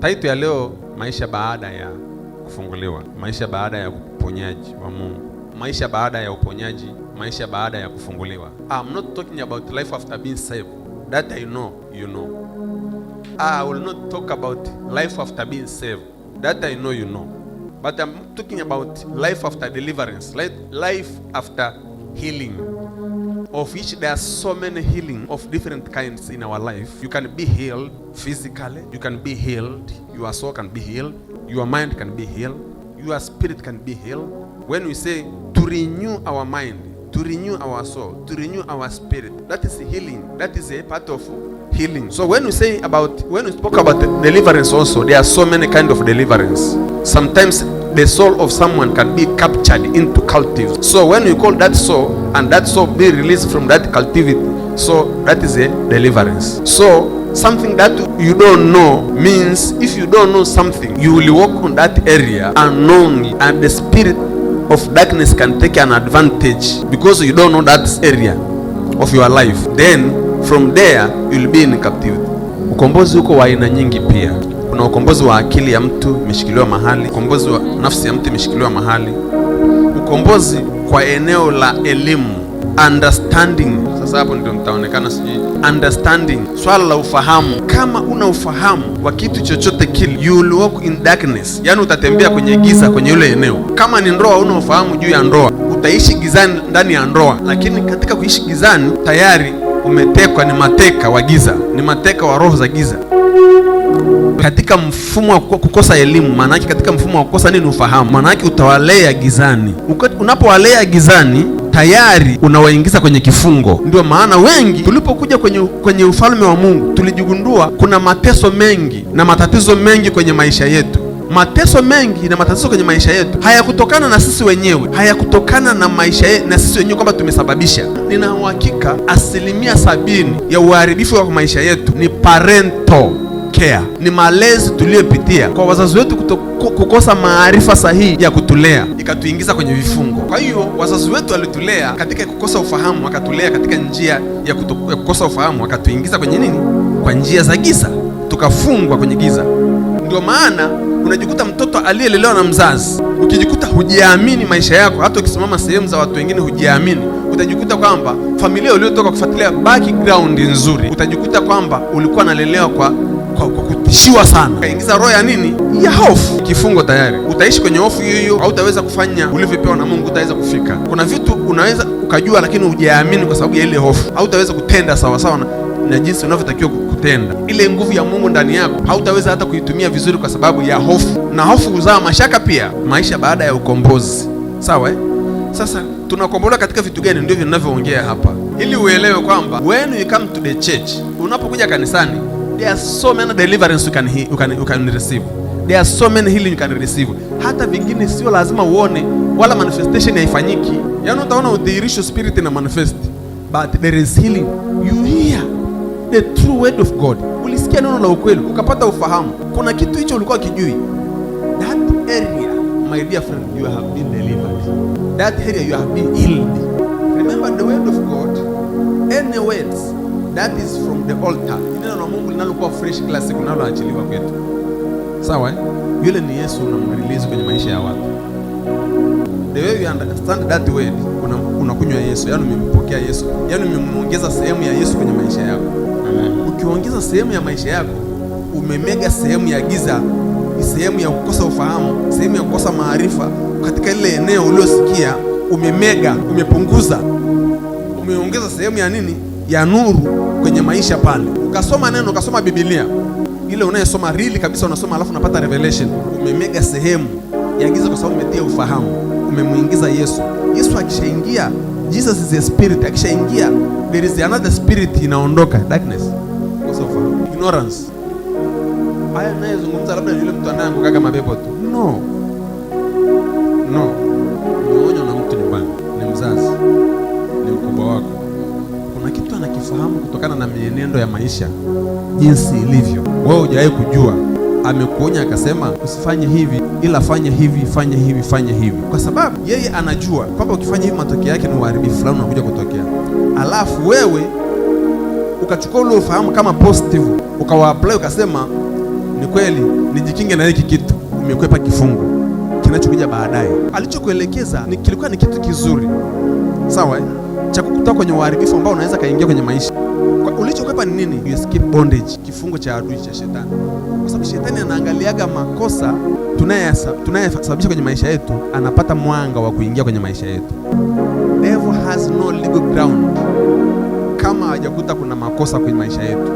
Taito ya leo, maisha baada ya kufunguliwa, maisha baada ya uponyaji wa Mungu, maisha baada ya uponyaji, maisha baada ya kufunguliwa. Ah, I'm not talking about life after being saved. That I know, you know. Ah, I will not talk about life after being saved. That I know, you know. But I'm talking about life after deliverance, life after healing of which there are so many healing of different kinds in our life. You can be healed physically, you can be healed, your soul can be healed, your mind can be healed, your spirit can be healed. When we say to renew our mind, to renew our soul, to renew our spirit, that is healing. That is a part of healing. So when we say about when we spoke about deliverance also, there are so many kind of deliverance. Sometimes the soul of someone can be captured into cultives So when you call that soul and that soul be released from that cultivity, so that is a deliverance. So something that you don't know means if you don't know something, you will walk on that area unknowingly, and the spirit of darkness can take an advantage because you don't know that area of your life. Then from there you'll be in captivity. Ukombozi uko wa aina nyingi pia. Kuna ukombozi wa akili ya mtu imeshikiliwa mahali, ukombozi wa nafsi ya mtu imeshikiliwa mahali, ukombozi kwa eneo la elimu understanding. Sasa hapo ndio mtaonekana sijui understanding, swala la ufahamu. Kama una ufahamu wa kitu chochote kile, you will walk in darkness, yani utatembea kwenye giza kwenye ile eneo. Kama ni ndoa, una ufahamu juu ya ndoa, utaishi gizani ndani ya ndoa, lakini katika kuishi gizani tayari umetekwa, ni mateka wa giza, ni mateka wa roho za giza katika mfumo wa kukosa elimu, maana yake katika mfumo wa kukosa nini? Ufahamu. Maana yake utawalea gizani. Unapowalea gizani tayari unawaingiza kwenye kifungo. Ndio maana wengi tulipokuja kwenye, kwenye ufalme wa Mungu tulijigundua kuna mateso mengi na matatizo mengi kwenye maisha yetu. Mateso mengi na matatizo kwenye maisha yetu hayakutokana na sisi wenyewe, hayakutokana na maisha ye, na sisi wenyewe kwamba tumesababisha. Nina uhakika asilimia sabini ya uharibifu wa maisha yetu ni parento care ni malezi tuliyopitia kwa wazazi wetu kukosa maarifa sahihi ya kutulea ikatuingiza kwenye vifungo. Kwa hiyo wazazi wetu walitulea katika kukosa ufahamu, wakatulea katika njia ya, kuto, ya kukosa ufahamu, wakatuingiza kwenye nini? Kwa njia za giza, tukafungwa kwenye giza. Ndio maana unajikuta mtoto aliyelelewa na mzazi, ukijikuta hujiamini maisha yako, hata ukisimama sehemu za watu wengine hujiamini. Utajikuta kwamba familia uliotoka kufuatilia background nzuri, utajikuta kwamba ulikuwa nalelewa kwa kwa kutishiwa sana, kaingiza roho ya nini? Ya hofu, kifungo tayari. Utaishi kwenye hofu hiyo hiyo, hautaweza kufanya ulivyopewa na Mungu, utaweza kufika. Kuna vitu unaweza ukajua, lakini hujaamini kwa sababu ya ile hofu, hautaweza kutenda sawasawa na jinsi unavyotakiwa kutenda. Ile nguvu ya Mungu ndani yako hautaweza hata kuitumia vizuri kwa sababu ya hofu, na hofu huzaa mashaka pia. Maisha baada ya ukombozi, sawa eh? Sasa tunakombolewa katika vitu gani? Ndio vinavyoongea hapa, ili uelewe kwamba when you come to the church, unapokuja kanisani There are so many deliverance you can, you can, you can receive. There are so many healing you can receive. Hata vingine sio lazima uone wala manifestation haifanyiki. Yaani utaona udhihirisho spirit na manifest. But there is healing. You hear the true word of God. Ulisikia neno la ukweli, ukapata ufahamu. Kuna kitu hicho ulikuwa kijui. That area, my dear friend, you have been delivered. That area you have been healed. Remember the word of God. Any words that is from the altar. Neno la Mungu linalokuwa fresh kila siku linaloachiliwa kwetu, sawa eh? Yule ni Yesu, unamrelease kwenye maisha ya watu. The way you understand that word, unakunywa una Yesu, yaani umempokea Yesu, yaani umemwongeza sehemu ya Yesu kwenye maisha yako. Ukiongeza sehemu ya maisha yako, umemega sehemu ya giza, sehemu ya kukosa ufahamu, sehemu ya kukosa maarifa katika lile eneo uliosikia, umemega, umepunguza, umeongeza sehemu ya nini ya nuru kwenye maisha pale, ukasoma neno, ukasoma Biblia ile unayesoma really kabisa, unasoma alafu unapata revelation, umemega sehemu ya giza, kwa sababu umetia ufahamu, umemwingiza Yesu. Yesu akishaingia, Jesus is a spirit, akishaingia there is another spirit inaondoka, darkness because of ignorance. Haya nayezungumza labda yule mtu anayeangukaga mapepo tu, no no anakifahamu kutokana na mienendo ya maisha jinsi ilivyo. Wewe hujawahi kujua, amekuonya akasema usifanye hivi, ila fanya hivi, fanya hivi, fanya hivi, kwa sababu yeye anajua kwamba ukifanya hivi matokeo yake ni uharibifu fulani unakuja kutokea, alafu wewe ukachukua ule ufahamu kama positive apply ukasema ni kweli, nijikinge na hiki kitu, umekwepa kifungo kinachokuja baadaye. Alichokuelekeza kilikuwa ni kitu kizuri, sawa eh? cha kukutoa kwenye uharibifu ambao unaweza kaingia kwenye maisha. Ulichokwepa ni nini? You escape bondage, kifungo cha adui cha shetani, kwa sababu shetani anaangaliaga makosa tunayesababisha kwenye maisha yetu, anapata mwanga wa kuingia kwenye maisha yetu. Devil has no legal ground kama hajakuta kuna makosa kwenye maisha yetu,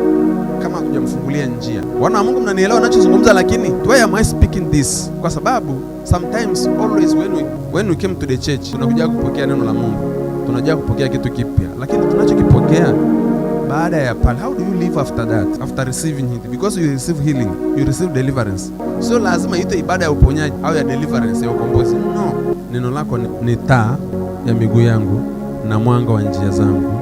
kama hakujamfungulia njia. Wana wa Mungu, mnanielewa ninachozungumza, lakini why am I speaking this? Kwa sababu sometimes always when we, when we came to the church tunakuja kupokea neno la Mungu tunajua kupokea kitu kipya, lakini tunachokipokea baada ya pale, how do you live after that, after receiving it? Because you receive healing, you receive deliverance. So lazima ite ibada ya uponyaji au ya deliverance ya ukombozi. No, neno lako ni, taa ya miguu yangu na mwanga wa njia zangu.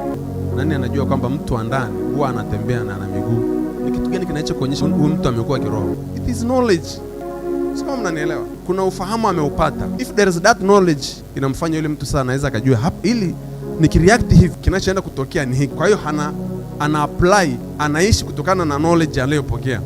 Nani anajua kwamba mtu wa ndani huwa anatembea na ana miguu? Ni kitu gani kinachokuonyesha huyu mtu amekuwa kiroho? It is knowledge. Sio, mnanielewa? Kuna ufahamu ameupata. If there is that knowledge inamfanya yule mtu sasa anaweza akajua hapa, ili nikireact hivi kinachoenda kutokea ni hiki. Kwa hiyo hana ana apply, anaishi kutokana na knowledge aliyopokea.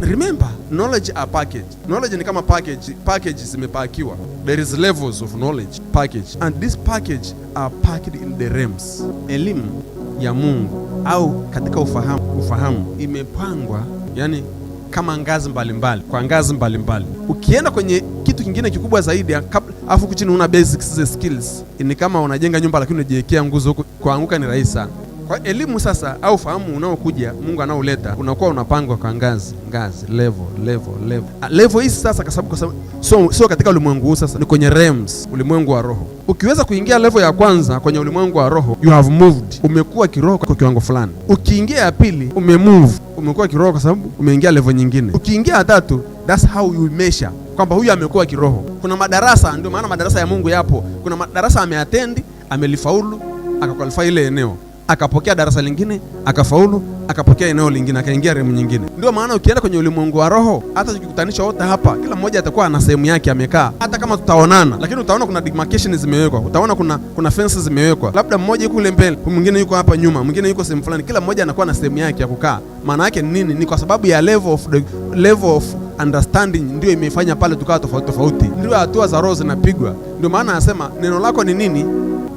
Remember, knowledge are package. Knowledge ni kama package, package zimepakiwa. There is levels of knowledge package and this package are packed in the realms. Elimu ya Mungu au katika ufahamu, ufahamu imepangwa yani kama ngazi mbalimbali kwa ngazi mbalimbali Ukienda kwenye kitu kingine kikubwa zaidi afu kuchini una basics za skills, ni kama unajenga nyumba lakini unajiwekea nguzo huko, kuanguka ni rahisi sana. Kwa elimu sasa au fahamu unaokuja Mungu anaoleta unakuwa unapangwa kwa ngazi ngazi, level level level ah, level hizi sasa, kwa sababu sio so katika ulimwengu huu sasa, ni kwenye realms, ulimwengu wa roho. Ukiweza kuingia level ya kwanza kwenye ulimwengu wa roho, you have moved, umekuwa kiroho kwa kiwango fulani. Ukiingia ya pili, umemove, umekuwa kiroho kwa sababu umeingia level nyingine. Ukiingia ya tatu, that's how you measure kwamba huyu amekuwa kiroho. Kuna madarasa, ndio maana madarasa ya Mungu yapo. Kuna madarasa ameatendi, amelifaulu, akakwalify ile eneo akapokea darasa lingine, akafaulu, akapokea eneo lingine, akaingia rehemu nyingine. Ndio maana ukienda kwenye ulimwengu wa roho, hata tukikutanisha wote hapa, kila mmoja atakuwa ana sehemu yake amekaa. Hata kama tutaonana, lakini utaona kuna demarcation zimewekwa, utaona kuna kuna fence zimewekwa, labda mmoja yuko kule mbele, mwingine yuko hapa nyuma, mwingine yuko sehemu fulani. Kila mmoja anakuwa na sehemu yake ya kukaa. Maana yake nini? Ni kwa sababu ya level of the, level of understanding ndio imefanya pale tukawa tofauti tofauti. Ndio hatua za roho zinapigwa. Ndio maana anasema neno lako ni nini?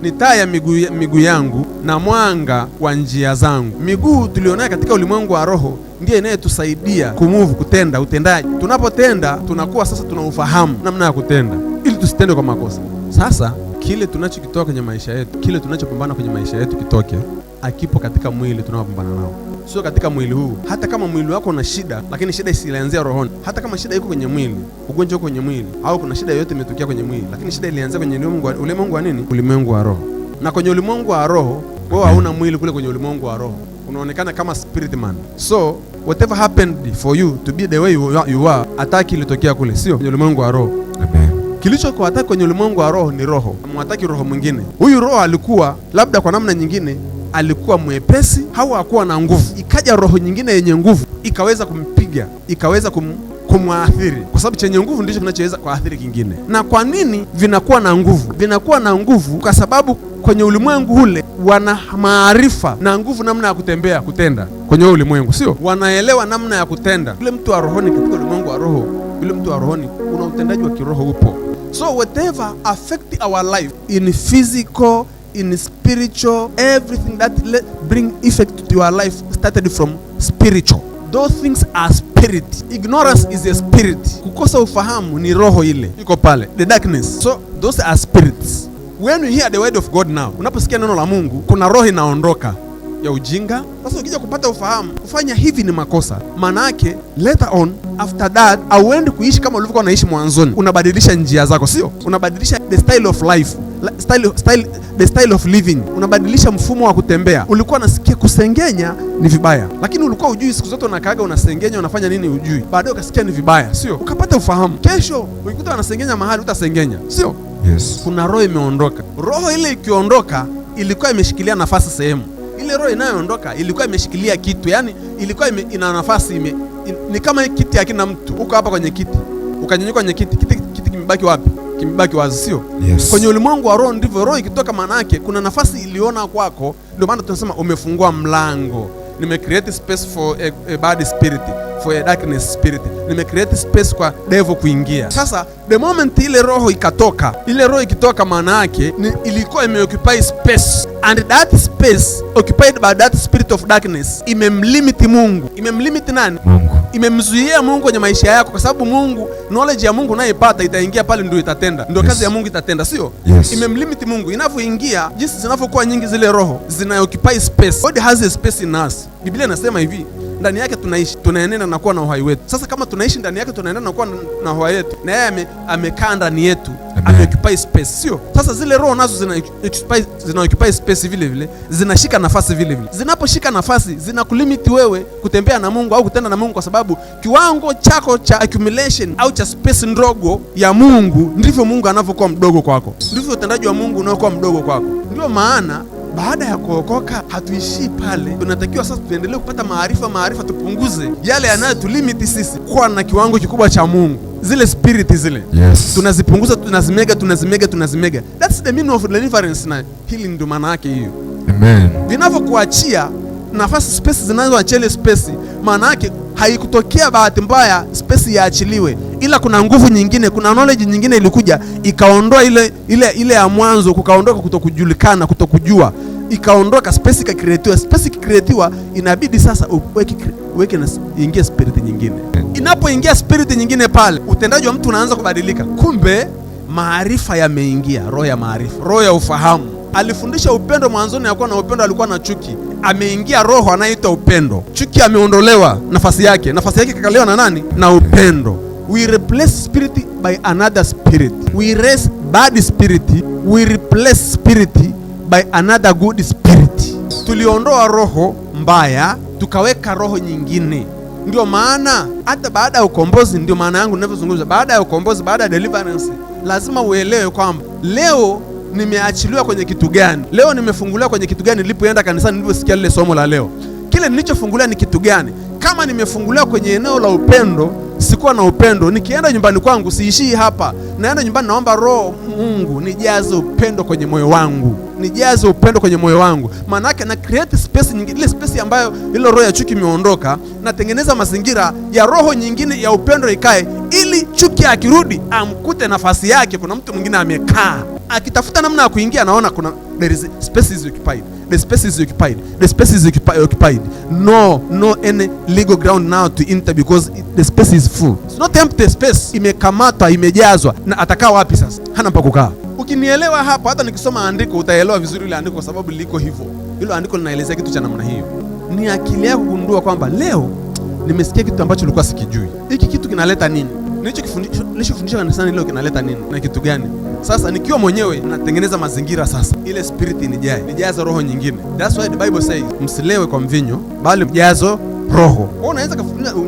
Ni taa ya miguu migu yangu na mwanga wa njia zangu. Miguu tulionayo katika ulimwengu wa roho ndiyo inayetusaidia kumuvu kutenda utendaji. Tunapotenda tunakuwa sasa tuna ufahamu namna ya kutenda, ili tusitende kwa makosa. Sasa kile tunachokitoa kwenye maisha yetu, kile tunachopambana kwenye maisha yetu kitoke, akipo katika mwili tunaopambana nao sio katika mwili huu. Hata kama mwili wako una shida, lakini shida isianzia rohoni. Hata kama shida iko kwenye mwili, ugonjwa uko kwenye mwili, au kuna shida yoyote imetokea kwenye mwili, lakini shida ilianzia kwenye ulimwengu wa nini? Ulimwengu wa roho. Na kwenye ulimwengu wa roho, wewe hauna mwili. Kule kwenye ulimwengu wa roho unaonekana kama spirit man, so whatever happened for you to be the way you are, ataki ilitokea kule, sio kwenye ulimwengu wa roho. Kilicho kwa ataki kwenye ulimwengu wa roho ni roho, amwataki roho mwingine. Huyu roho alikuwa labda kwa namna nyingine alikuwa mwepesi au hakuwa na nguvu. Ikaja roho nyingine yenye nguvu ikaweza kumpiga, ikaweza kum kumwathiri kwa sababu chenye nguvu ndicho kinachoweza kuathiri kingine. Na kwa nini vinakuwa na nguvu? Vinakuwa na nguvu kwa sababu kwenye ulimwengu ule wana maarifa na nguvu, namna ya kutembea, kutenda kwenye ulimwengu, sio wanaelewa namna ya kutenda. Yule mtu wa rohoni katika ulimwengu wa roho, yule mtu wa rohoni kuna utendaji wa kiroho upo. So whatever affect our life in physical in spiritual, everything that let bring effect to your life started from spiritual. Those things are spirit. Ignorance is a spirit. Kukosa ufahamu ni roho ile iko pale, the darkness. So those are spirits. When you hear the word of God now, unaposikia neno la Mungu, kuna roho inaondoka ya ujinga. Sasa ukija kupata ufahamu, kufanya hivi ni makosa. Maana yake later on after that, auendi kuishi kama ulivyokuwa unaishi mwanzoni. Unabadilisha njia zako, sio? Unabadilisha the style of life style, style, the style of living, unabadilisha mfumo wa kutembea. Ulikuwa nasikia kusengenya ni vibaya, lakini ulikuwa ujui, siku zote unakaaga unasengenya, unafanya nini ujui, baadaye ukasikia ni vibaya, sio? Ukapata ufahamu, kesho ukikuta wanasengenya mahali utasengenya, sio? Yes. Kuna roho imeondoka. Roho ile ikiondoka, ilikuwa imeshikilia nafasi sehemu ile roho inayoondoka ilikuwa imeshikilia kitu, yani ilikuwa ime, ina nafasi ime, in, ni kama kiti hakina mtu. Uko hapa kwenye kiti, ukanyanyuka kwenye kiti, kiti kimebaki wapi? kimbaki wazi, sio? Yes. Kwenye ulimwengu wa roho ndivyo roho ikitoka, maana yake kuna nafasi iliona kwako, ndio maana tunasema umefungua mlango. Nime create space for a, a bad spirit, for a darkness spirit. Nime create space kwa devil kuingia. Sasa the moment ile roho ikatoka, ile roho ikitoka, maana yake ilikuwa imeoccupy space and that space occupied by that spirit of darkness imemlimit Mungu, imemlimit nani? Mungu imemzuia Mungu kwenye maisha yako, kwa sababu Mungu, knowledge ya Mungu unayoipata itaingia pale, ndio itatenda, ndio yes. kazi ya Mungu itatenda, sio yes. imemlimit Mungu inavyoingia, jinsi zinavyokuwa nyingi zile roho zina occupy space. God has a space in us. Biblia inasema hivi ndani yake tunaishi, tunaenena na kuwa na uhai wetu. Sasa kama tunaishi ndani yake, tunaenena na kuwa na uhai wetu, na yeye amekaa ndani yetu, ameoccupy space, sio? Sasa zile roho nazo zina occupy, zina occupy space vile vile, zinashika nafasi vile vile. Zinaposhika nafasi, zinakulimit wewe kutembea na Mungu au kutenda na Mungu, kwa sababu kiwango chako cha accumulation au cha space ndogo ya Mungu, ndivyo Mungu anavyokuwa mdogo kwako, ndivyo utendaji wa Mungu unaokuwa mdogo kwako. Ndio maana baada ya kuokoka hatuishii pale, tunatakiwa sasa tuendelee kupata maarifa, maarifa, tupunguze yale yanayotulimiti sisi kuwa na kiwango kikubwa cha Mungu. Zile spiriti zile, yes, tunazipunguza, tunazimega, tunazimega, tunazimega. That's the meaning of deliverance, na hili ndio maana yake hiyo. Amen. Vinavyokuachia nafasi, space zinazoachia ile space, maana yake haikutokea bahati mbaya, space yaachiliwe ila kuna nguvu nyingine, kuna knowledge nyingine ilikuja ikaondoa ile ile ile ya mwanzo, kukaondoka kutokujulikana, kutokujua, ikaondoka space, ikakreatiwa space. Ikikreatiwa inabidi sasa uweke uweke na ingie spirit nyingine. Inapoingia spirit nyingine pale, utendaji wa mtu unaanza kubadilika. Kumbe maarifa yameingia, roho ya maarifa, roho ya ufahamu. Alifundisha upendo mwanzoni, alikuwa na upendo, alikuwa na chuki. Ameingia roho anayeitwa upendo, chuki ameondolewa nafasi yake, nafasi yake ikakaliwa na nani? Na upendo we replace spirit by another spirit. We raise bad spirit, we replace spirit by another good spirit. Tuliondoa roho mbaya tukaweka roho nyingine. Ndio maana hata baada ya ukombozi, ndio maana yangu ninavyozungumza, baada ya ukombozi, baada ya deliverance, lazima uelewe kwamba leo nimeachiliwa kwenye kitu gani, leo nimefunguliwa kwenye kitu gani. Nilipoenda kanisani, nilivyosikia lile somo la leo, kile nilichofunguliwa ni kitu gani? Kama nimefunguliwa kwenye eneo la upendo sikuwa na upendo. Nikienda nyumbani kwangu siishii hapa, naenda nyumbani, naomba Roho Mungu nijaze upendo kwenye moyo wangu, nijaze upendo kwenye moyo wangu, yake na create space nyingine, ile space ambayo ile roho ya chuki imeondoka, natengeneza mazingira ya roho nyingine ya upendo ikae, ili chuki akirudi amkute nafasi yake, kuna mtu mwingine amekaa akitafuta namna ya kuingia anaona kuna there is space is occupied, the space is occupied, the space is occupied. No, no any legal ground now to enter because the space is full. It's not empty space, imekamatwa imejazwa. Na atakaa wapi sasa? Hana pa kukaa. Ukinielewa hapa, hata nikisoma andiko utaelewa vizuri ile andiko, kwa sababu liko hivyo. Hilo andiko linaelezea kitu cha namna hiyo. Ni akili yako kugundua kwamba leo nimesikia kitu ambacho nilikuwa sikijui. Hiki kitu kinaleta nini? nilichokufundisha kanisani leo kinaleta nini na kitu gani? Sasa nikiwa mwenyewe natengeneza mazingira sasa, ile spirit nijae, nijaze roho nyingine. That's why the Bible says msilewe kwa mvinyo, bali mjazo roho. Wewe unaweza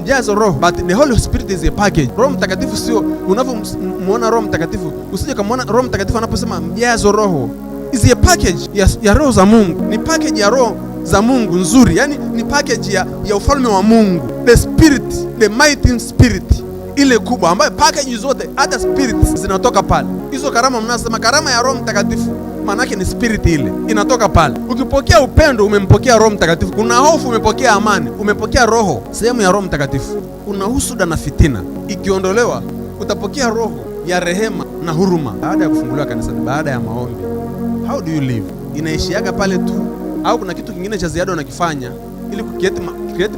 mjazo roho, but the Holy Spirit is a package. Roho Mtakatifu sio unavyomuona Roho Mtakatifu, usije kamuona Roho Mtakatifu anaposema mjazo roho is a package ya, ya roho za Mungu, ni package ya roho za Mungu nzuri, yani ni package ya, ya ufalme wa Mungu, the spirit the mighty spirit ile kubwa ambayo package zote hata spirits zinatoka pale. Hizo karama mnasema karama ya Roho Mtakatifu maana ni spirit ile inatoka pale. Ukipokea upendo, umempokea Roho Mtakatifu. Kuna hofu, umepokea amani, umepokea roho, sehemu ya Roho Mtakatifu. Kuna husuda na fitina, ikiondolewa utapokea roho ya rehema na huruma. Baada ya kufunguliwa kanisa, baada ya maombi, how do you live? Inaishiaga pale tu, au kuna kitu kingine cha ziada unakifanya ili kukieti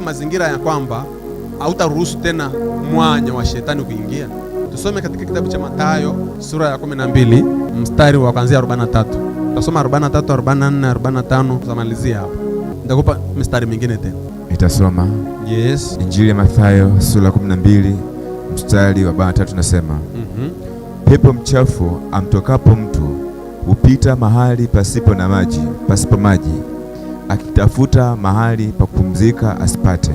ma, mazingira ya kwamba hautaruhusu tena mwanya wa shetani kuingia. Tusome katika kitabu cha Mathayo sura ya 12 mstari wa kuanzia 43. Tutasoma 43, 44, 45 tutamalizia hapo. Nitakupa mistari mingine tena. Nitasoma. Yes. Injili ya Mathayo sura ya 12 mstari wa 43 nasema, mm -hmm. Pepo mchafu amtokapo mtu hupita mahali pasipo na maji, pasipo maji, akitafuta mahali pa kupumzika asipate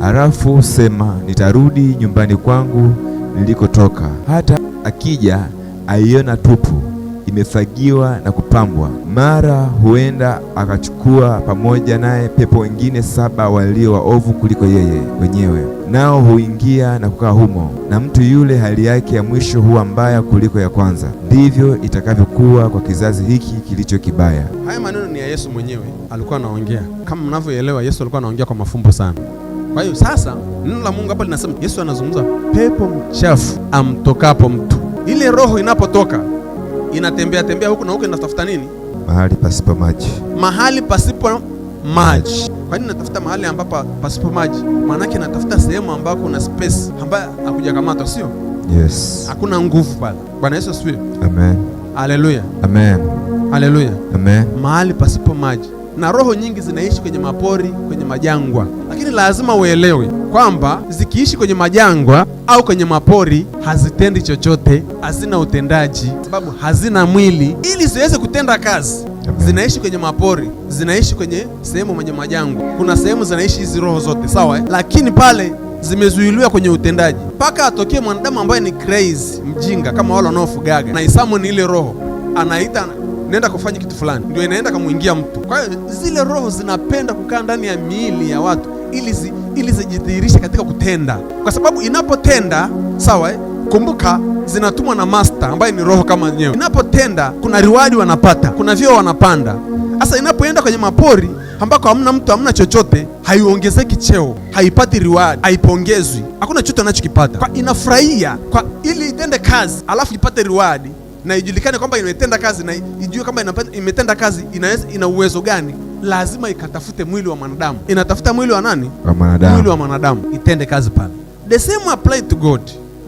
Halafu sema, nitarudi nyumbani kwangu nilikotoka, hata akija aiona tupu, imefagiwa na kupambwa. Mara huenda akachukua pamoja naye pepo wengine saba walio waovu kuliko yeye wenyewe, nao huingia na kukaa humo, na mtu yule hali yake ya mwisho huwa mbaya kuliko ya kwanza. Ndivyo itakavyokuwa kwa kizazi hiki kilicho kibaya. Haya maneno ni ya Yesu mwenyewe alikuwa anaongea. Kama mnavyoelewa, Yesu alikuwa anaongea kwa mafumbo sana. Kwa hiyo sasa neno la Mungu hapa linasema, Yesu anazungumza pepo mchafu amtokapo mtu. Ile roho inapotoka inatembea tembea huku na huku, inatafuta nini? Mahali pasipo maji, mahali pasipo maji. Kwa nini natafuta mahali ambapo pasipo maji? Maanake natafuta sehemu ambako kuna space ambayo hakujakamatwa, sio? Yes, hakuna nguvu pale. Bwana Yesu asifiwe. Amen. Haleluya. Amen. Haleluya. Amen. Mahali pasipo maji na roho nyingi zinaishi kwenye mapori, kwenye majangwa. Lakini lazima uelewe kwamba zikiishi kwenye majangwa au kwenye mapori hazitendi chochote, hazina utendaji, sababu hazina mwili. Ili ziweze kutenda kazi, zinaishi kwenye mapori, zinaishi kwenye sehemu kwenye majangwa. Kuna sehemu zinaishi hizi roho zote, sawa eh? Lakini pale zimezuiliwa kwenye utendaji mpaka atokee mwanadamu ambaye ni crazy, mjinga kama wale wanaofugaga, na ni ile roho anaita nenda kufanya kitu fulani, ndio inaenda kamwingia mtu. Kwa hiyo zile roho zinapenda kukaa ndani ya miili ya watu ili zi, ili zijidhihirishe katika kutenda, kwa sababu inapotenda sawa eh? Kumbuka, zinatumwa na master ambaye ni roho kama yenyewe. Inapotenda kuna riwadi wanapata, kuna vyeo wanapanda. Sasa inapoenda kwenye mapori ambako hamna mtu, hamna chochote, haiongezeki cheo, haipati riwadi, haipongezwi, hakuna chochote anachokipata. Kwa inafurahia kwa ili itende kazi, alafu ipate riwadi na ijulikane kwamba imetenda kazi na ijue kama imetenda kazi inaweza, ina uwezo gani, lazima ikatafute mwili wa mwanadamu. Inatafuta mwili wa nani? Wa mwanadamu. Mwili wa mwanadamu itende kazi pale. The same apply to God.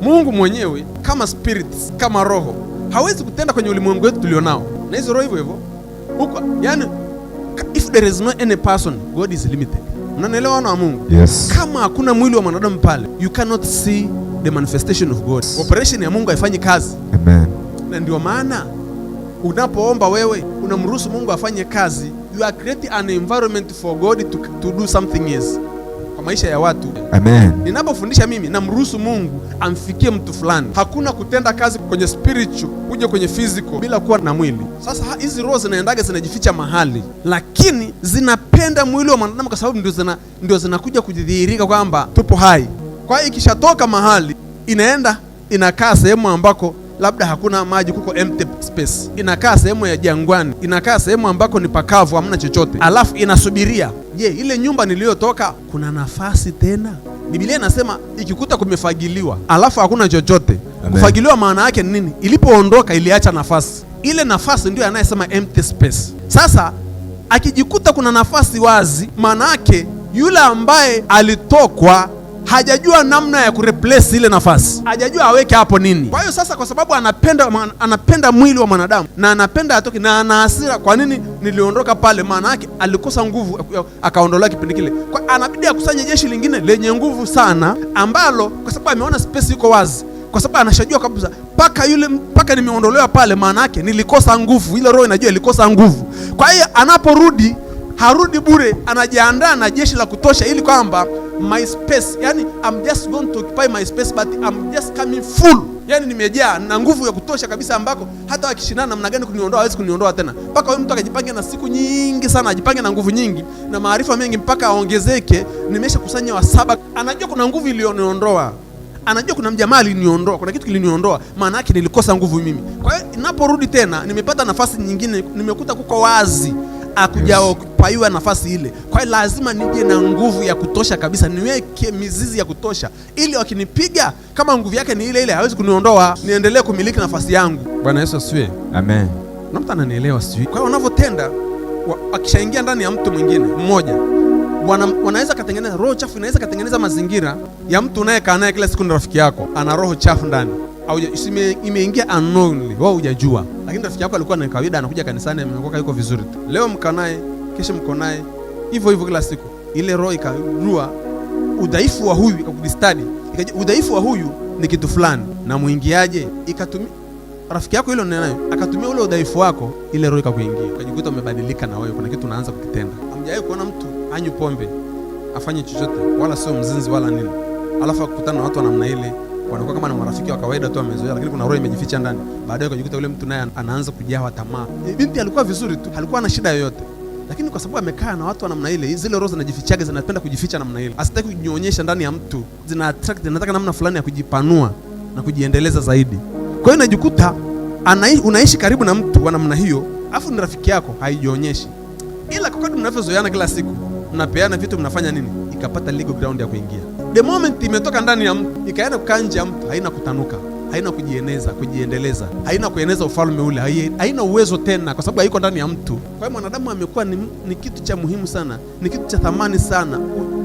Mungu mwenyewe kama spirit, kama roho hawezi kutenda kwenye ulimwengu wetu tulionao, na hizo roho hivyo hivyo huko, yani if there is no any person God is limited. Mnanielewa wana wa Mungu? Yes. Kama hakuna mwili wa mwanadamu pale, you cannot see the manifestation of God. Operation ya Mungu haifanyi kazi. Amen. Na ndio maana unapoomba wewe unamruhusu Mungu afanye kazi. You are creating an environment for God to, to do something else kwa maisha ya watu. Amen. Ninapofundisha mimi namruhusu Mungu amfikie mtu fulani. Hakuna kutenda kazi kwenye spiritual kuja kwenye physical bila kuwa na mwili. Sasa hizi roho zinaendaga zinajificha mahali, lakini zinapenda mwili wa mwanadamu kwa sababu ndio zina, ndio zinakuja kujidhihirika kwamba tupo hai. Kwa hiyo ikishatoka mahali inaenda inakaa sehemu ambako labda hakuna maji, kuko empty space, inakaa sehemu ya jangwani, inakaa sehemu ambako ni pakavu, hamna chochote, alafu inasubiria, je, ile nyumba niliyotoka kuna nafasi tena? Biblia inasema ikikuta kumefagiliwa alafu hakuna chochote Amen. Kufagiliwa maana yake ni nini? Ilipoondoka iliacha nafasi, ile nafasi ndio anayesema empty space. Sasa akijikuta kuna nafasi wazi, maana yake yule ambaye alitokwa hajajua namna ya kureplace ile nafasi, hajajua aweke hapo nini. Kwa hiyo sasa, kwa sababu anapenda anapenda mwili wa mwanadamu na anapenda atoke na ana hasira, kwa nini niliondoka pale? Maana yake alikosa nguvu, akaondolewa kipindi kile, kwa anabidi akusanye jeshi lingine lenye nguvu sana, ambalo kwa sababu ameona space yuko wazi, kwa sababu anashajua kabisa paka yule mpaka nimeondolewa pale, maana yake nilikosa nguvu. Ile roho inajua ilikosa nguvu, kwa hiyo anaporudi harudi bure, anajiandaa na jeshi la kutosha ili kwamba my space, yani I'm just going to occupy my space but I'm just coming full, yani nimejaa na nguvu ya kutosha kabisa, ambako hata wakishindana namna gani kuniondoa hawezi kuniondoa tena, mpaka mtu akajipange na siku nyingi sana, ajipange na nguvu nyingi na maarifa mengi mpaka aongezeke. Nimesha kusanya wa saba, anajua kuna nguvu iliyoniondoa anajua kuna mjamaa aliniondoa, kuna kitu kiliniondoa, maana yake nilikosa nguvu mimi. Kwa hiyo naporudi tena, nimepata nafasi nyingine, nimekuta kuko wazi akujapaiwa yes. nafasi ile. Kwa hiyo lazima nije na nguvu ya kutosha kabisa, niweke mizizi ya kutosha, ili wakinipiga, kama nguvu yake ni ile ile, hawezi kuniondoa, niendelee kumiliki nafasi yangu. Bwana Yesu asiwe amen. Na mtu ananielewa sijui. Kwa hiyo wanavyotenda wakishaingia ndani ya mtu mwingine mmoja wanaweza katengeneza roho chafu, inaweza katengeneza mazingira ya mtu unayekaa naye kila siku, na rafiki yako ana roho chafu ndani au imeingia unknowingly, wewe hujajua, lakini rafiki yako alikuwa na kawaida, anakuja kanisani, amekuwa yuko vizuri, tu, leo mko naye, kesho mko naye hivyo hivyo kila siku, ile roho ikajua udhaifu wa huyu, ikakudistadi, udhaifu wa huyu ni kitu fulani, na muingiaje, ikatumia rafiki yako ile nayo akatumia ule udhaifu wako, ile roho ikakuingia, ukajikuta umebadilika na wewe, kuna kitu unaanza kukitenda. Hamjawahi kuona mtu anywe pombe, afanye chochote, wala sio mzinzi wala nini, alafu akutana na watu wa namna ile wanakuwa kama na marafiki wa kawaida tu wamezoea, lakini kuna roho imejificha ndani. Baadaye ukajikuta yule mtu naye anaanza kujawa tamaa. Eh, binti alikuwa vizuri tu, alikuwa na shida yoyote, lakini kwa sababu amekaa na watu wa namna ile, zile roho zinajifichaga, zinapenda kujificha namna ile, asitaki kujionyesha ndani ya mtu, zina attract, zinataka namna fulani ya kujipanua na kujiendeleza zaidi. Kwa hiyo unajikuta unaishi karibu na mtu wa namna hiyo, afu ni rafiki yako, haijionyeshi, ila kwa kadri mnavyozoeana kila siku mnapeana vitu, mnafanya nini, ikapata legal ground ya kuingia. The moment imetoka ndani ya mtu ikaenda kanje ya mtu, haina kutanuka, haina kujieneza, kujiendeleza, haina kueneza ufalme ule, haina uwezo tena, kwa sababu haiko ndani ya mtu. Kwa hiyo mwanadamu amekuwa ni, ni kitu cha muhimu sana, ni kitu cha thamani sana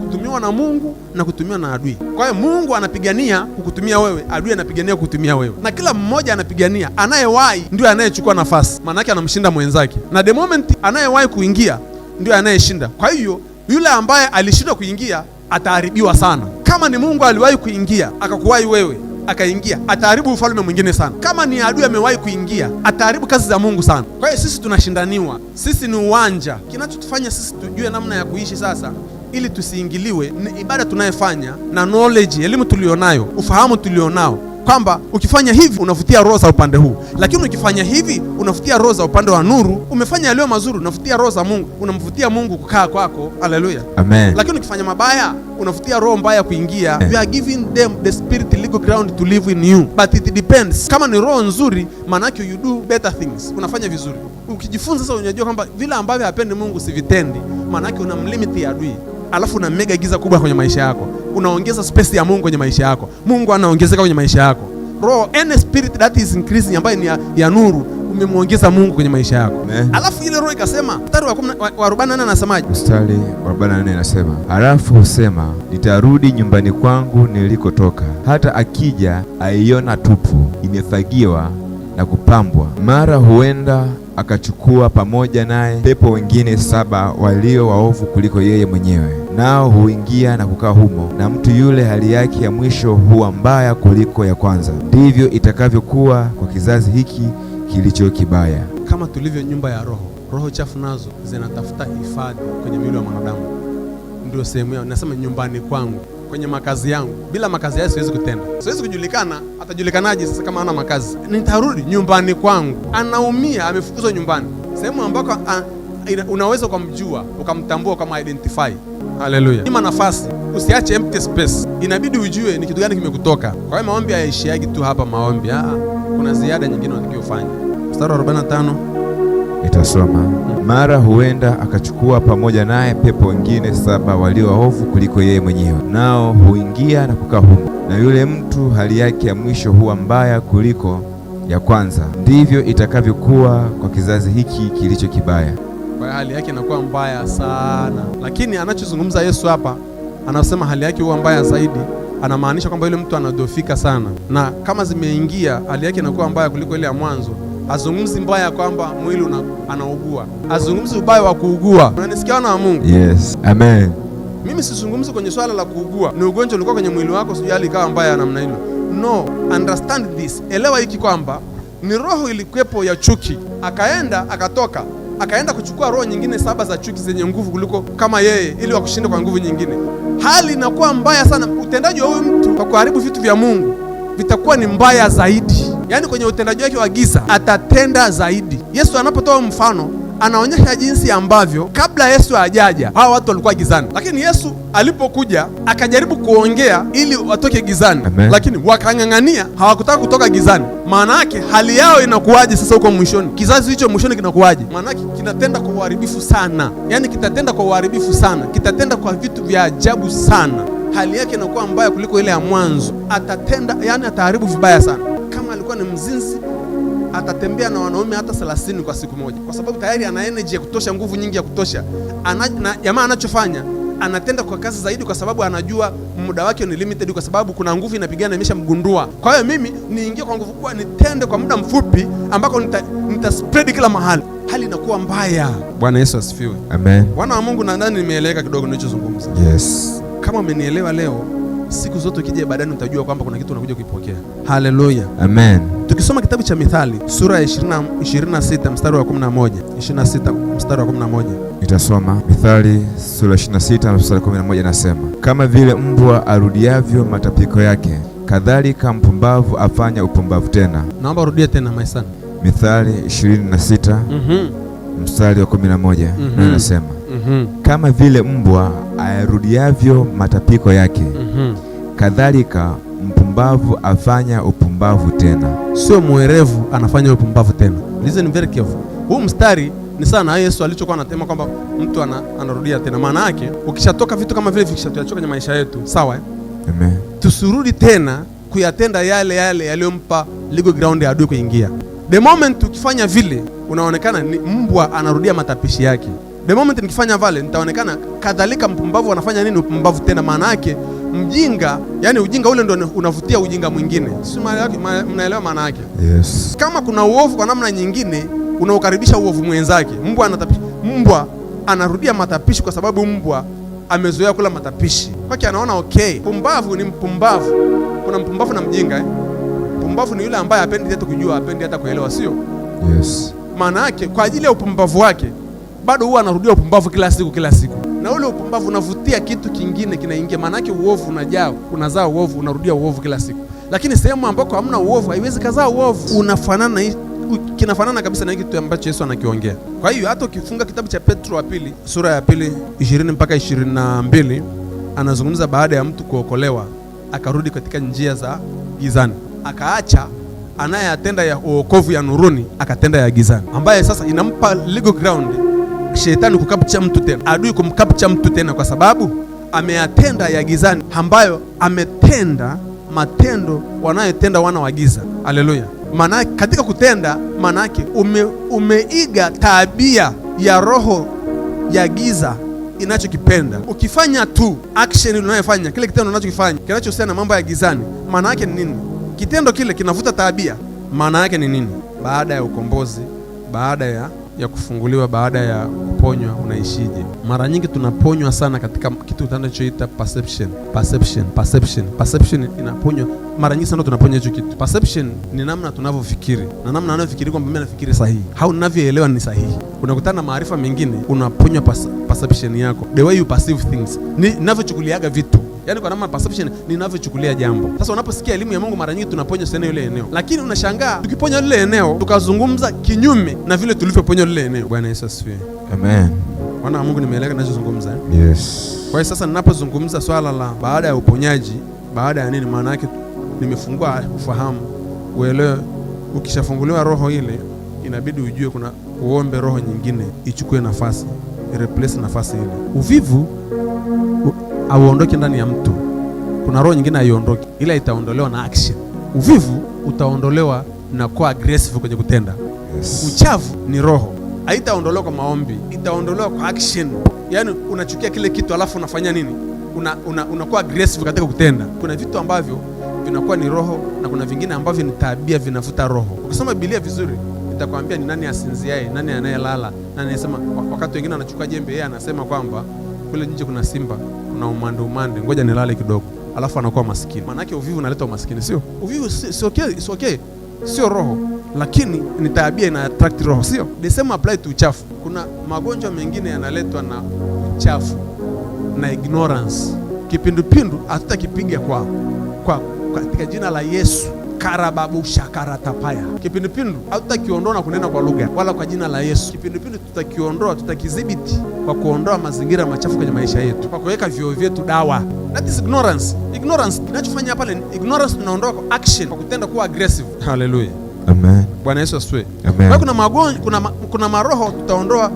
kutumiwa na Mungu na kutumiwa na adui. Kwa hiyo Mungu anapigania kukutumia wewe, adui anapigania kukutumia wewe, na kila mmoja anapigania. Anayewahi ndio anayechukua nafasi, maana yake anamshinda mwenzake, na the moment anayewahi kuingia ndio anayeshinda. Kwa hiyo yule ambaye alishindwa kuingia ataharibiwa sana. Kama ni Mungu aliwahi kuingia akakuwahi wewe akaingia, ataharibu ufalme mwingine sana. Kama ni adui amewahi kuingia, ataharibu kazi za Mungu sana. Kwa hiyo sisi tunashindaniwa, sisi ni uwanja. Kinachotufanya sisi tujue namna ya kuishi sasa ili tusiingiliwe ni ibada tunayefanya na knowledge, elimu tulionayo, ufahamu tulionao kwamba ukifanya hivi unavutia roho za upande huu, lakini ukifanya hivi unavutia roho za upande wa nuru. Umefanya yaliyo mazuri, unavutia roho za Mungu, unamvutia Mungu kukaa kwako. Haleluya, amen. Lakini ukifanya mabaya unavutia roho mbaya kuingia. You are giving them the spirit legal ground to live in you but it depends. Kama ni roho nzuri, maanake you do better things, unafanya vizuri. Ukijifunza sasa, unajua kwamba vile ambavyo hapendi Mungu sivitendi, maanake unamlimit adui alafu una mega giza kubwa kwenye maisha yako, unaongeza space ya Mungu kwenye maisha yako. Mungu anaongezeka kwenye maisha yako. Roho, any spirit that is increasing, ambayo ni ya, ya nuru umemwongeza Mungu kwenye maisha yako. Alafu ile roho ikasema, mstari wa 48 anasemaje? Mstari wa 48 anasema, alafu husema nitarudi nyumbani kwangu nilikotoka, hata akija aiona tupu, imefagiwa na kupambwa, mara huenda akachukua pamoja naye pepo wengine saba walio waovu kuliko yeye mwenyewe, nao huingia na kukaa humo, na mtu yule hali yake ya mwisho huwa mbaya kuliko ya kwanza. Ndivyo itakavyokuwa kwa kizazi hiki kilicho kibaya. Kama tulivyo nyumba ya roho, roho chafu nazo zinatafuta hifadhi kwenye mwili wa mwanadamu, ndio sehemu yao. Nasema nyumbani kwangu kwenye makazi yangu. Bila makazi yayo siwezi kutenda, siwezi kujulikana. Atajulikanaje sasa kama ana makazi? Nitarudi nyumbani kwangu. Anaumia, amefukuzwa nyumbani, sehemu ambako unaweza ukamjua ukamtambua ukamidentify. Haleluya, ima nafasi, usiache empty space. Inabidi ujue ni kitu gani kimekutoka. Kwa hiyo maombi hayaishiagi tu hapa maombi, aa, kuna ziada nyingine unatakiwa ufanye. Mstari wa 45 Nitasoma mara huenda akachukua pamoja naye pepo wengine saba walio waovu kuliko yeye mwenyewe, nao huingia na kukaa humo. Na yule mtu hali yake ya mwisho huwa mbaya kuliko ya kwanza, ndivyo itakavyokuwa kwa kizazi hiki kilicho kibaya. Kwa hali yake inakuwa mbaya sana, lakini anachozungumza Yesu hapa, anasema hali yake huwa mbaya zaidi anamaanisha kwamba yule mtu anadhoofika sana, na kama zimeingia hali yake inakuwa mbaya kuliko ile ya mwanzo. Azungumzi mbaya ya kwamba mwili anaugua, azungumzi ubaya wa kuugua. Unanisikia wana wa Mungu? Yes. Amen. Mimi sizungumzi kwenye swala la kuugua, ni ugonjwa ulikuwa kwenye mwili wako, sio hali ikawa mbaya ya namna hilo. No, understand this, elewa hiki kwamba ni roho ilikuwepo ya chuki, akaenda akatoka akaenda kuchukua roho nyingine saba za chuki zenye nguvu kuliko kama yeye, ili wakushinde kwa nguvu nyingine. Hali inakuwa mbaya sana, utendaji wa huyu mtu kwa kuharibu vitu vya Mungu vitakuwa ni mbaya zaidi, yaani kwenye utendaji wake wa giza atatenda zaidi. Yesu anapotoa mfano anaonyesha jinsi ambavyo kabla Yesu hajaja hawa watu walikuwa gizani, lakini Yesu alipokuja akajaribu kuongea ili watoke gizani Amen. Lakini wakang'ang'ania, hawakutaka kutoka gizani. Maana yake hali yao inakuwaje sasa huko mwishoni? Kizazi hicho mwishoni kinakuwaje? Maana yake kinatenda kwa uharibifu sana, yaani kitatenda kwa uharibifu sana, kitatenda kwa vitu vya ajabu sana hali yake inakuwa mbaya kuliko ile ya mwanzo. Atatenda yani, ataharibu vibaya sana. Kama alikuwa ni mzinzi, atatembea na wanaume hata 30 kwa siku moja, kwa sababu tayari ana energy ya kutosha, nguvu nyingi ya kutosha. Jamaa anachofanya anatenda kwa kasi zaidi, kwa sababu anajua muda wake ni limited, kwa sababu kuna nguvu inapigana, imeshamgundua. Kwa hiyo mimi niingie kwa nguvu kubwa, nitende kwa muda mfupi, ambako nita, nita spread kila mahali, hali inakuwa mbaya. Bwana Yesu asifiwe, amen. Wana wa Mungu, nadhani nimeeleweka kidogo nilichozungumza. Yes. Kama umenielewa leo, siku zote ukija baadaye utajua kwamba kuna kitu unakuja kuipokea. Haleluya, amen. Tukisoma kitabu cha Mithali sura ya 26 mstari wa 11, 26 mstari wa 11, nitasoma Mithali sura 26 mstari wa 11, nasema kama vile mbwa arudiavyo matapiko yake, kadhalika mpumbavu afanya upumbavu tena. Naomba urudie tena maisani. Mithali 26 mm -hmm. mstari wa 11 mm -hmm. na mhm mm -hmm. kama vile mbwa ayarudiavyo matapiko yake mm -hmm. kadhalika mpumbavu afanya upumbavu tena. Sio mwerevu anafanya upumbavu tena. Listen very careful. Huu mstari ni sana Yesu alichokuwa anatema kwamba mtu ana, anarudia tena. Maana yake ukishatoka vitu kama vile vikishatuachoka kwenye maisha yetu, sawa eh? Amen. Tusirudi tena kuyatenda yale yale yaliyompa legal ground ya adui kuingia. The moment ukifanya vile unaonekana ni mbwa anarudia matapishi yake. The moment nikifanya vale nitaonekana kadhalika mpumbavu anafanya nini upumbavu tena. Maana yake mjinga, yani ujinga ule ndio unavutia ujinga mwingine, si mnaelewa maana yake? Yes. Kama kuna uovu kwa namna nyingine unaokaribisha uovu mwenzake. Mbwa anatapi, mbwa anarudia matapishi kwa sababu mbwa amezoea kula matapishi, kwake anaona okay. Pumbavu ni mpumbavu. Kuna mpumbavu na mjinga eh? Pumbavu ni yule ambaye apendi hata kujua, apendi hata kuelewa, sio? Yes. Maana yake kwa ajili ya upumbavu wake bado huwa anarudia upumbavu kila siku kila siku, na ule upumbavu unavutia kitu kingine kinaingia. yake uovu unajaa, unazaa uovu, unarudia uovu kila siku. Lakini sehemu ambako hamna uovu haiwezi kazaa uovu, unafanana kinafanana kabisa na kitu ambacho Yesu anakiongea. Kwa hiyo hata ukifunga kitabu cha Petro wa pili sura ya pili 20 mpaka 22, anazungumza baada ya mtu kuokolewa akarudi katika njia za gizani, akaacha anayeatenda ya uokovu ya nuruni, akatenda ya gizani, ambaye sasa inampa legal ground shetani kukapcha mtu tena, adui kumkapcha mtu tena, kwa sababu ameyatenda ya gizani ambayo ametenda matendo wanayotenda wana wa giza. Haleluya! Maana katika kutenda, maana yake ume, umeiga tabia ya roho ya giza inachokipenda. Ukifanya tu action unayofanya kile kitendo unachokifanya kinachohusiana na mambo ya gizani, maana yake ni nini? Kitendo kile kinavuta tabia, maana yake ni nini? Baada ya ukombozi, baada ya ya kufunguliwa baada ya kuponywa unaishije? Mara nyingi tunaponywa sana katika kitu tunachoita perception, perception, perception, perception inaponywa mara nyingi sana tunaponywa hicho kitu. Perception ni namna tunavyofikiri na namna anayofikiri kwamba mimi nafikiri sahihi au ninavyoelewa ni sahihi. Unakutana na maarifa mengine unaponywa perception yako, the way you perceive things, ninavyochukuliaga vitu yani kwa namna perception ninavyochukulia jambo. Sasa unaposikia elimu ya Mungu, mara nyingi tunaponya sana ile eneo, lakini unashangaa tukiponya lile eneo tukazungumza kinyume na vile tulivyoponya lile eneo. Bwana Yesu asifiwe. Amen. Wana wa Mungu, nimeeleka ninachozungumza eh? Yes. Kwa hiyo sasa ninapozungumza swala la baada ya uponyaji, baada ya nini, maana yake nimefungua ufahamu uelewe. Ukishafunguliwa roho ile, inabidi ujue kuna uombe roho nyingine ichukue nafasi, ireplace nafasi ile. Uvivu auondoki ndani ya mtu. Kuna roho nyingine haiondoki, ila itaondolewa na action. Uvivu utaondolewa na kuwa aggressive kwenye kutenda. Yes. Uchavu ni roho, haitaondolewa kwa maombi, itaondolewa kwa action. Yaani unachukia kile kitu alafu unafanya nini? Una, una, unakuwa aggressive katika kutenda. Kuna vitu ambavyo vinakuwa ni roho na kuna vingine ambavyo ni tabia, vinavuta roho. Ukisoma Biblia vizuri itakwambia ni nani asinziaye, nani anayelala, nani anasema. Wakati wengine anachukua jembe, yeye anasema kwamba kule nje kuna simba, kuna umande umande, ngoja nilale kidogo, alafu anakuwa maskini. Maanake uvivu unaleta umaskini, sio? Uvivu Si okay, sio okay, sio roho, lakini ni tabia ina attract roho, sio? The same apply to uchafu. Kuna magonjwa mengine yanaletwa na uchafu na ignorance. Kipindupindu hatutakipiga kwa kwa katika jina la Yesu karababusha karatapaya. Kipindupindu hatutakiondoa na kunena kwa lugha wala kwa jina la Yesu. Kipindupindu tutakiondoa, tutakidhibiti kwa kuondoa mazingira machafu kwenye maisha yetu, kwa kuweka vyoo vyetu dawa. That is ignorance. Ignorance kinachofanya hapa ni ignorance tunaondoa kwa action, kwa kutenda kuwa aggressive. Haleluya, amen. Bwana Yesu asifiwe. Amen. Kwa Kuna magonjwa, kuna, ma, kuna maroho tutaondoa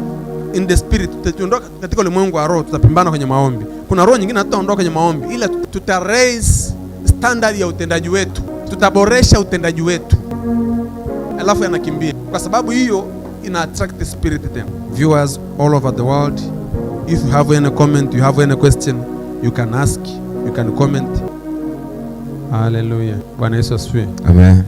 in the spirit, tutaondoa katika ulimwengu wa roho, tutapambana kwenye maombi. Kuna roho nyingine hatutaondoa kwenye maombi, ila tuta raise standard ya utendaji wetu tutaboresha utendaji wetu, alafu yanakimbia kwa sababu hiyo ina attract spirit tena. Viewers all over the world, if you have any comment, you have any question, you can ask, you can comment. Hallelujah. Bwana Yesu asifiwe. Amen.